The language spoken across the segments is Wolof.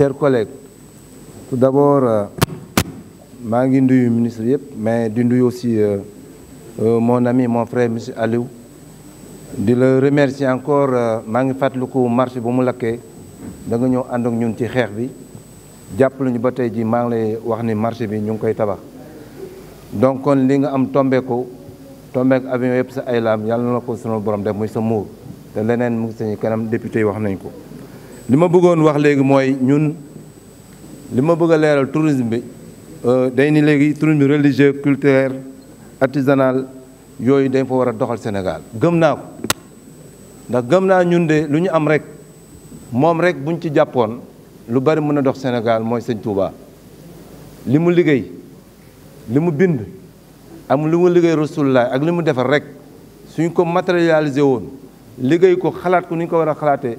chers collègues tout d'abord euh, maa ngi ministre yëpp mais di nuyu aussi euh, euh, mon ami mon frère monsieur Aliou di la remercier encore maa ngi fàttaliku marché bu mu lakkee da nga ñëw ànd ak ñun ci xeex bi jàppale ñu ba tey ji maa ngi lay wax ni marché bi ñu ngi koy tabax donc kon li nga am tombé ko tombeek avion yëpp sa ay laam yàlla na la ko sunu borom def muy sa muur te leneen mu ngi sañu kanam député wax nañ ko li ma bëggoon wax léegi mooy ñun li ma bëgg a leeral tourisme bi euh, day ni léegi tourisme religieux culturel artisanal yooyu dañ fa war a doxal Sénégal gëm naa ko ndax gëm naa ñun de lu ñu am rek moom rek buñ ci jàppoon lu bari mën a dox Sénégal mooy sëñ Touba li mu liggéey li mu bind am li mu liggéey Rasulullah ak li mu defar rek suñ ko matérialisé woon liggéey ko xalaat ko ni ñu ko war a xalaatee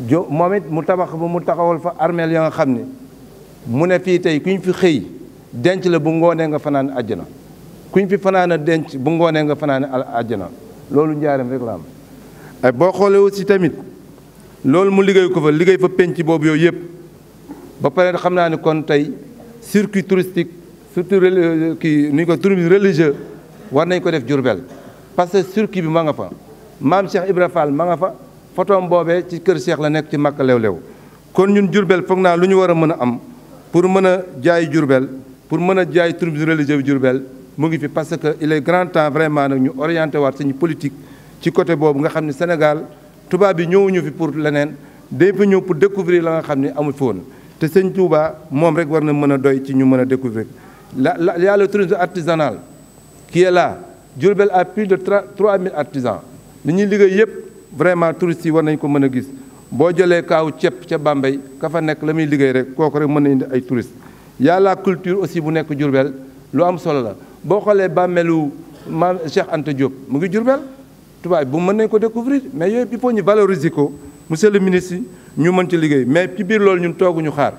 jo moom it mu tabax ba mu taxawal fa armeel ya nga xam ne mu ne fii tey ñu fi xëy denc la bu ngoonee nga fanaan àjjana kuñ fi fanaan denc bu ngoonee nga fanaan àjjana loolu njaareem rek la am ay eh, boo xoolee aussi tamit loolu mu liggéey ko fa liggéey fa penc boobu yooyu yëpp ba pare xam naa ne kon tey circuit touristique surtout euh, kii nu ko tourisme religieux war nañ ko def Jurbel parce que circuit bi ma nga fa maam Cheikh Ibra Fall ma nga fa fotom bobé ci kër Cheikh la nek ci Màkka Lew-Lew kon ñun Jurbel foog naa lu ñu war a am pour mëna jaay Jurbel pour mëna jaay tourisme religieux bi Jurbel mu ngi fi parce que il est grand temps vraiment nag ñu orienté waat suñu politique ci côté bobu nga xamni ne Sénégal tubaab yi ñëwuñu fi pour leneen day fa pour découvrir la nga xamni ne amul fi woon te sëñ Touba mom rek war na mën doy ci ñu mëna découvrir la la y a le tourisme artisanal qui est là Diourbel a plus de 3000 artisans ni ñi liggéey yépp vraiment touristes yi war nañ ko mën a gis boo jëlee kaaw ceeb ca Bambey ka fa nekk la muy liggéey rek kooku rek mën na indi ay touristes y'a la culture aussi bu nekk Diourbel lu am solo la boo xoolee bàmmeelu ma Cheikh Anta Diop mu ngi Diourbel tubaab bu mën nañ ko découvrir mais yooyu il faut ñu valoriser ko monsieur le ministre ñu mën ci liggéey mais ci biir loolu ñun tooguñu xaar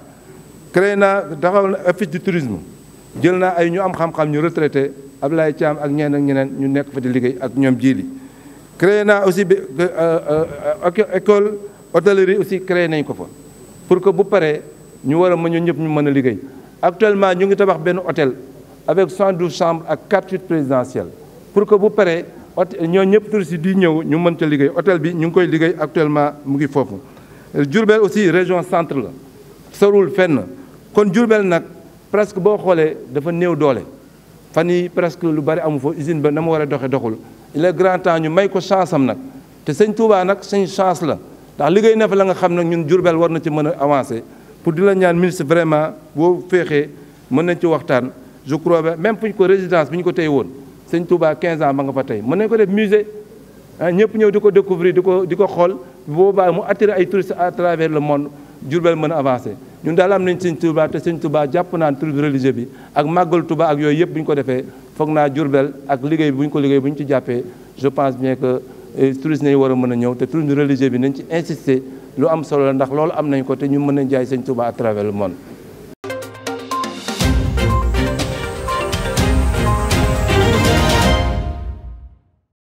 créé naa taxaw na office du tourisme jël naa ay ñu am xam-xam ñu retraité Ablaye laay ak ñeneen ak ñeneen ñu nekk fa di liggéey ak ñoom jiili créé na aussi euh, euh, école hôtellerie aussi créer nañ ko fa pour que bu paré ñu wara a mën ñu ñëpp ñu liggéey actuellement ñu ngi tabax benn hôtel avec 112 chambres ak 4 suites présidentielles pour que bu paré ñoo ñëpp touristes di ñëw ñu mën ca liggéey hôtel bi ñu ngi koy liggéey actuellement mu ngi fofu Diourbel aussi région centre la sorul fenn kon Diourbel nak presque bo xolé dafa néew doolé fan yi presque lu bari amu fo usine ba na wara doxé doxul il est grand temps ñu may ko chance am nag te sëñ Touba nak sëñ chance la ndax liggéey na la nga xam nak ñun Diourbel war na ci mën avancer pour dila ñaan ministre vraiment bo fexé mën nañ ci waxtaan je crois même fuñ ko résidence bi ko tey won sëñ Touba 15 ans ba nga fa tey mën nañ ko def musée ñepp ah, ñëpp diko découvrir diko diko xol bo ba mu attirer ay touristes à travers le monde Diourbel mën avancer ñun daal am nañ sëñ Touba te sëñ Touba jàpp naan tourisme religieux bi ak màggal Touba ak yooyu yëpp bu ñu ko defee foog naa Jurbel ak liggéey bu ñu ko liggéey bu ñu ci jàppee je pense bien que eh, touristes nañu war a mën a ñëw te tourisme religieux bi nañ ci insister lu am solo la ndax loolu am nañ ko te ñu mën a jaay sëñ Touba à travers le